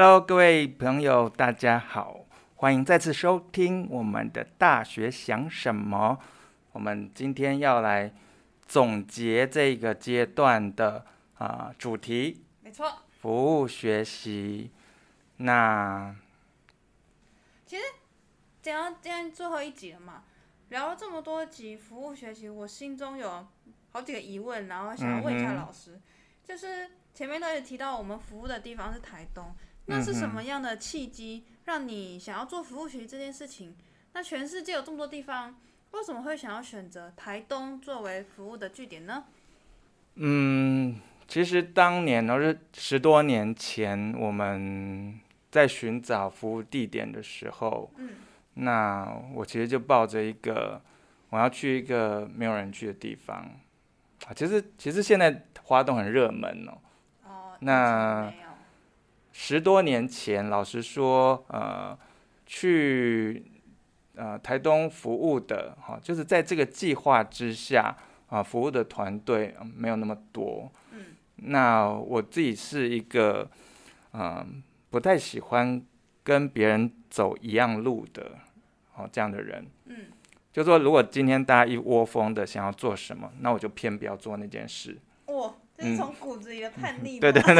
Hello，各位朋友，大家好，歡迎再次收聽我們的大學想什麼。我們今天要來總結這個階段的啊、呃、主題，沒錯，服務學習。那其實講到今天最後一集了嘛，聊了這麼多集服務學習，我心中有好幾個疑問，然後想要問一下老師，嗯嗯，就是前面都有提到我們服務的地方是台東。那是什麼樣的契機讓你想要做服務學習這件事情？那全世界有這麼多地方，為什麼會想要選擇台東作為服務的據點呢？嗯，其實當年都是十多年前，我們在尋找服務地點的時候，嗯，那我其實就抱着一個我要去一個沒有人去的地方啊。其實，其實現在花東很熱門哦，哦，那，那。十多年前，老實說，呃，去呃台東服務的，哈、哦，就是在這個計劃之下，啊、呃，服務的團隊、呃、沒有那麼多。嗯，那我自己是一個，嗯、呃，不太喜歡跟別人走一樣路的，哦，這樣的人。嗯，就說如果今天大家一窩蜂的想要做什麼，那我就偏不要做那件事。從骨子裡的叛逆、嗯嗯，對對對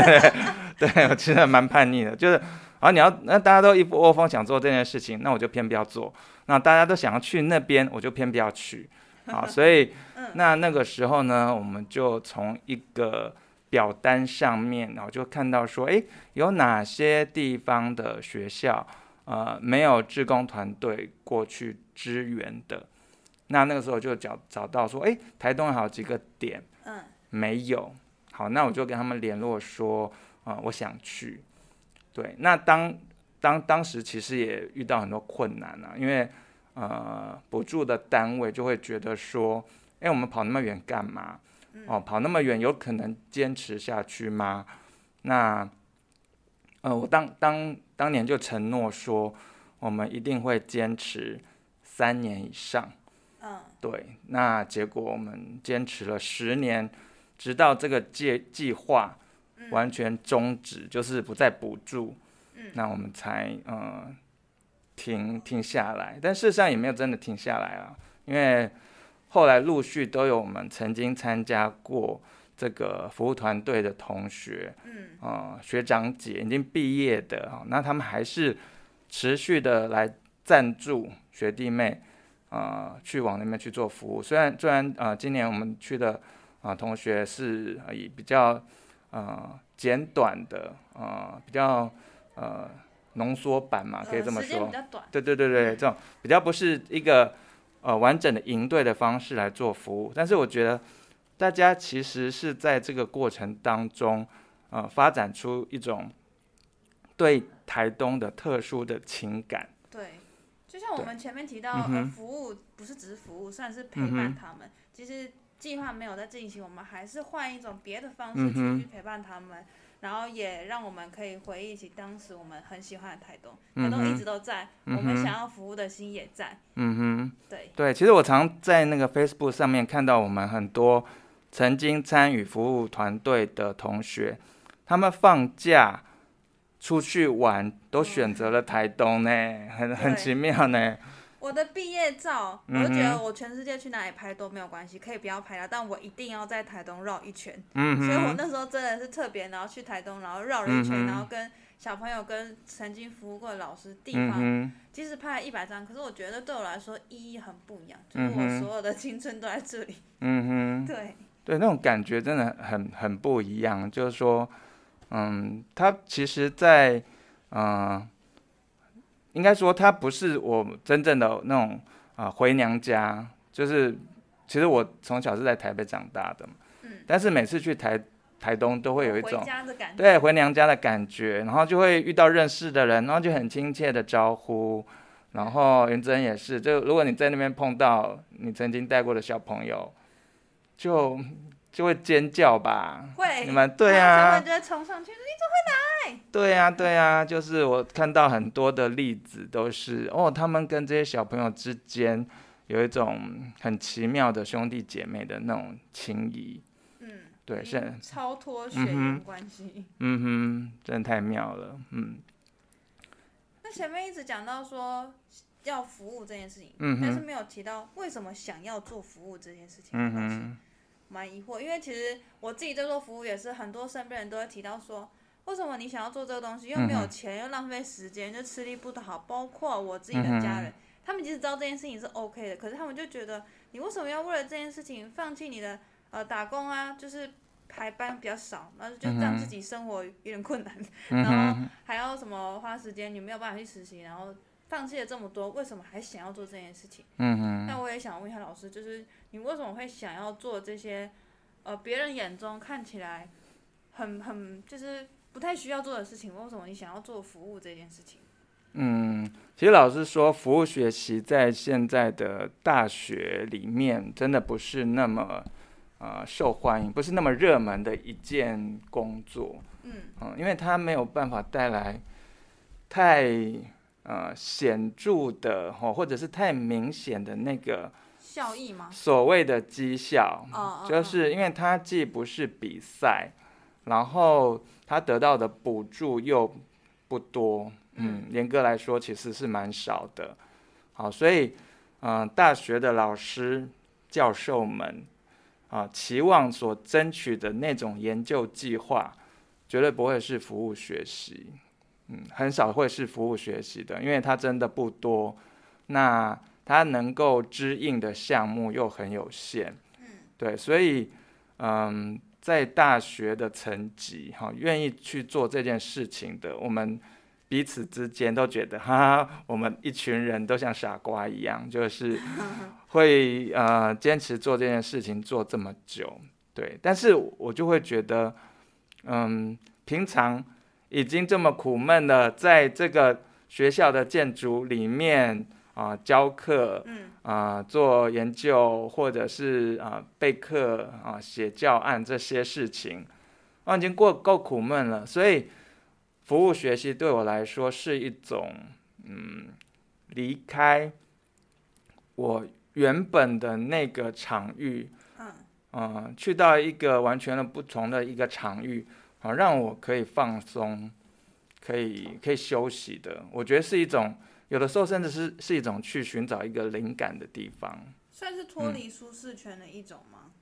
對， 對我其實還蠻叛逆的，就是，啊，你要那、呃、大家都一窩蜂想做這件事情，那我就偏不要做，那大家都想要去那邊，我就偏不要去，好，所以、 嗯、那那個時候呢，我們就從一個表單上面，然後就看到說，哎，有哪些地方的學校，呃，沒有志工團隊過去支援的，那那個時候就找找到說，哎，台東有好幾個點，嗯，沒有。好，那我就跟他們聯絡說，啊、呃，我想去。對，那當當當時其實也遇到很多困難啊，因為呃，補助的單位就會覺得說，哎、欸，我們跑那麼遠幹嘛？哦、呃，跑那麼遠，有可能堅持下去嗎？那，呃，我當當當年就承諾說，我們一定會堅持三年以上。嗯、對，那結果我們堅持了十年。直到這個計計劃完全終止，嗯、就是不再補助，嗯、那我們才嗯、呃、停停下來。但事實上也沒有真的停下來啊，因為後來陸續都有我們曾經參加過這個服務團隊的同學，嗯、呃，學長姐已經畢業的啊、哦，那他們還是持續的來贊助學弟妹，啊、呃、去往那邊去做服務。雖然雖然啊、呃，今年我們去的。啊，同學是以比較呃簡短的呃比較呃濃縮版嘛，可以這麼說。時間比較短。對、呃、對對對，嗯、這種比較不是一個呃完整的營隊的方式來做服務，但是我覺得大家其實是在這個過程當中呃發展出一種對台東的特殊的情感。對，就像我們前面提到，對嗯、哼服務不是只是服務，算是陪伴他們，嗯、哼其實。計劃沒有在進行，我們還是換一種別的方式出去，去陪伴他們，嗯、哼然後也讓我們可以回憶起當時我們很喜歡的台東，台東、嗯、哼一直都在，嗯、哼我們想要服務的心也在。嗯哼，對對，其實我常在那個 Facebook 上面看到我們很多曾經參與服務團隊的同學，他們放假出去玩都選擇了台東呢，嗯、很很奇妙呢。我的畢業照，我就覺得我全世界去哪裡拍都沒有關係，嗯、哼可以不要拍了，但我一定要在台東繞一圈。嗯哼，所以我那時候真的是特別，然後去台東，然後繞了一圈，嗯、哼然後跟小朋友、跟曾經服務過的老師地方，嗯、哼即使拍了一百張，可是我覺得對我來說意義很不一樣，嗯、哼就是我所有的青春都在這裡。嗯哼，對，對，那種感覺真的很很不一樣，就是說，嗯，他其實，在，嗯、呃。應該說，他不是我真正的那種啊，回娘家，就是其實我從小是在台北長大的，嗯，但是每次去台台東都會有一種回家的感覺，對，回娘家的感覺，然後就會遇到認識的人，然後就很親切的招呼，然後云珍也是，就如果你在那邊碰到你曾經帶過的小朋友，就。就會尖叫吧，會你們對啊，就會衝上去，你怎會來？對呀，對呀，就是我看到很多的例子都是哦，他們跟這些小朋友之間有一種很奇妙的兄弟姐妹的那種情誼。嗯，對，是、嗯、在超脫血緣關係。嗯哼，真的太妙了。嗯，那前面一直講到說要服務這件事情，嗯哼，但是沒有提到為什麼想要做服務這件事情。嗯哼。蠻疑惑，因為其實我自己在做服務也是，很多身邊人都會提到說，為什麼你想要做這個東西，又沒有錢，又浪費時間，就吃力不討好。包括我自己的家人，嗯、哼他們其實知道這件事情是 OK 的，可是他們就覺得，你為什麼要為了這件事情放棄你的呃打工啊，就是排班比較少，那就讓自己生活有點困難，嗯、哼然後還要什麼花時間，你沒有辦法去實習，然後。放棄了這麼多，為什麼還想要做這件事情？嗯哼、嗯。那我也想問一下老師，就是你為什麼會想要做這些呃別人眼中看起來很很就是不太需要做的事情？為什麼你想要做服務這件事情？嗯，其實老師說，服務學習在現在的大學裡面真的不是那麼呃受歡迎，不是那麼熱門的一件工作。嗯嗯，因為它沒有辦法帶來太。呃，顯著的、哦、或者是太明顯的那個效益嗎？所謂的績效，哦、就是因為它既不是比賽，嗯、然後他得到的補助又不多，嗯，嚴、嗯、格來說其實是蠻少的。好，所以，呃，大學的老師、教授們啊、呃，期望所爭取的那種研究計劃，絕對不會是服務學習。嗯，很少會是服務學習的，因為它真的不多。那它能夠支應的項目又很有限，對，所以嗯，在大學的層級哈、哦，願意去做這件事情的，我們彼此之間都覺得哈哈，我們一群人都像傻瓜一樣，就是會呃堅持做這件事情做這麼久，對。但是我就會覺得，嗯，平常。已經這麼苦悶了，在這個學校的建築裡面啊、呃，教課，啊、嗯呃，做研究或者是啊、呃、備課啊、呃、寫教案這些事情，我、啊、已經過夠苦悶了。所以，服務學習對我來說是一種，嗯，離開我原本的那個場域，嗯，嗯、呃，去到一個完全的不同的一個場域。好，讓我可以放鬆，可以可以休息的。我覺得是一種，有的時候甚至是是一種去尋找一個靈感的地方，算是脫離舒適圈的一種嗎？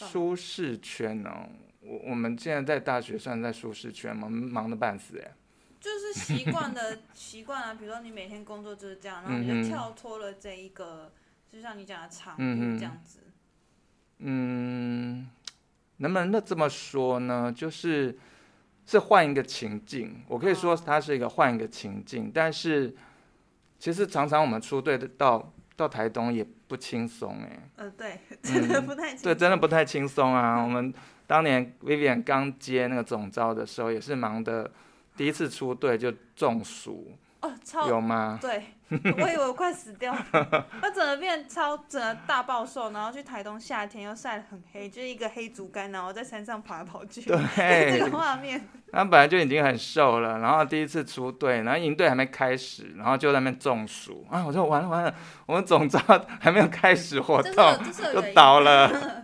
嗯、舒適圈哦，我我們現在在大學算在舒適圈嗎？我們忙得半死哎、欸，就是習慣的習慣啊， 比如說你每天工作就是這樣，然後你就跳脫了這一個，嗯嗯就像你講的場，這樣子，嗯，嗯。嗯能不能那這麼說呢？就是是換一個情境，我可以說它是一個換一個情境。哦、但是其實常常我們出隊到到台東也不輕鬆哎。呃，對，真的不太。對，真的不太輕鬆啊！嗯、我們當年 Vivian 剛接那個總召的時候，也是忙的，第一次出隊就中暑。嗯哦、有嗎？對，我以為我快死掉了。我 整個變超，整個大暴瘦，然後去台東夏天又曬得很黑，就是一個黑竹竿，然後在山上爬跑去。對，這個畫面。他本來就已經很瘦了，然後第一次出隊，然後營隊還沒開始，然後就在那邊中暑啊！我說完了完了，我們總召還沒有開始活動就倒了。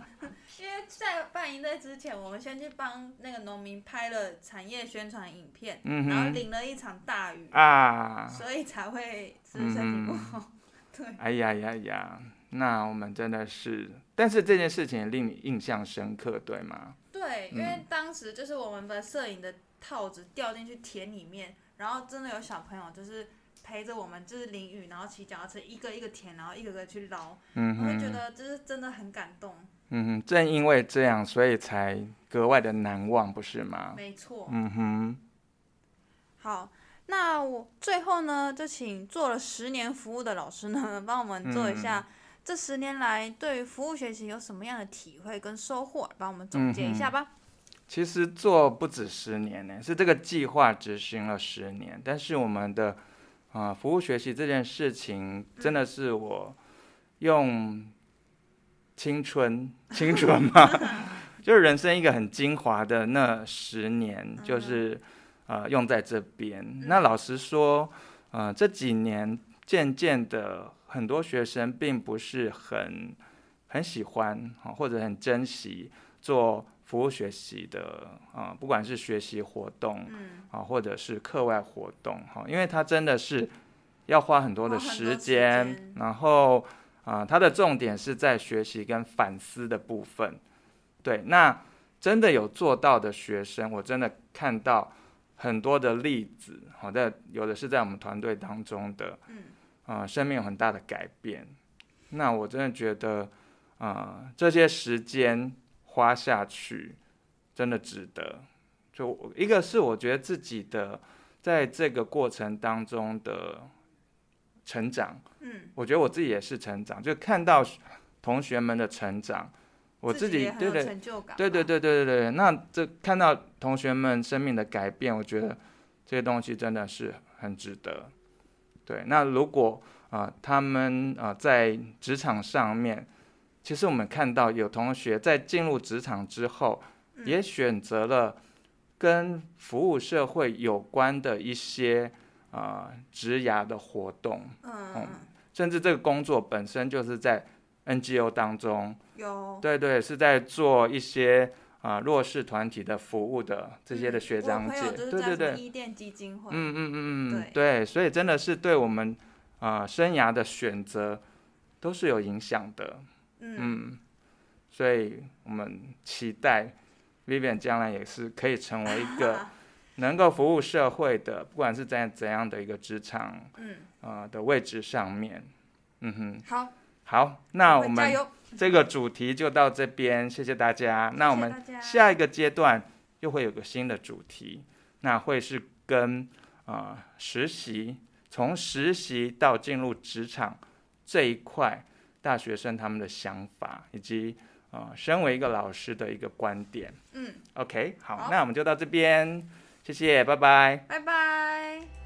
在辦營隊之前，我們先去幫那個農民拍了產業宣傳影片，嗯、哼然後淋了一場大雨啊，所以才會身體不好。嗯、對，哎呀呀呀，那我們真的是，但是這件事情令你印象深刻，對嗎？對，嗯、因為當時就是我們把攝影的套子掉進去田裡面，然後真的有小朋友就是。陪着我們就是淋雨，然後騎腳踏車一個一個填，然後一個一個去撈，嗯哼，我會覺得就是真的很感動。嗯哼，正因為這樣，所以才格外的難忘，不是嗎？沒錯。嗯哼。好，那我最後呢，就請做了十年服務的老師呢，幫我們做一下，嗯哼，這十年來對於服務學習有什麼樣的體會跟收穫，幫我們總結一下吧。嗯哼，其實做不止十年呢，是這個計劃執行了十年，但是我們的。啊、呃，服務學習這件事情真的是我用青春青春嘛， 就是人生一個很精華的那十年，就是呃用在這邊。那老實說，呃這幾年漸漸的，很多學生並不是很很喜歡，或者很珍惜。做服務學習的啊，不管是學習活動、嗯、啊，或者是課外活動哈、啊，因為他真的是要花很多的時間，花很多時間，然後啊，它的重點是在學習跟反思的部分。對，那真的有做到的學生，我真的看到很多的例子好、啊、在有的是在我們團隊當中的，嗯、啊，生命有很大的改變。那我真的覺得啊，這些時間。花下去，真的值得。就一個是我覺得自己的，在這個過程當中的成長，嗯，我覺得我自己也是成長，就看到同學們的成長，我自己，自己很有成就感，對對對對對對。那這看到同學們生命的改變，我覺得這些東西真的是很值得。對，那如果啊、呃，他們啊、呃，在職場上面。其實我們看到有同學在進入職場之後，也選擇了跟服務社會有關的一些啊、呃、職涯的活動，嗯，嗯，甚至這個工作本身就是在 NGO 當中有，對對，是在做一些啊、呃、弱勢團體的服務的這些的學長姐，嗯、我我對對對，伊甸基金會，嗯嗯嗯嗯，對，對，所以真的是對我們啊、呃、生涯的選擇都是有影響的。嗯，所以我們期待 Vivian 將來也是可以成為一個能夠服務社會的，不管是在怎，怎樣的一個職場，嗯，的位置上面，嗯哼。好，好，那我們這個主題就到這邊，謝謝大家。那我們下一個階段又會有個新的主題，那會是跟啊、呃、實習，從實習到進入職場這一塊。大學生他們的想法，以及啊、呃，身為一個老師的一個觀點。嗯，OK，好，好，那我們就到這邊，謝謝，拜拜，拜拜。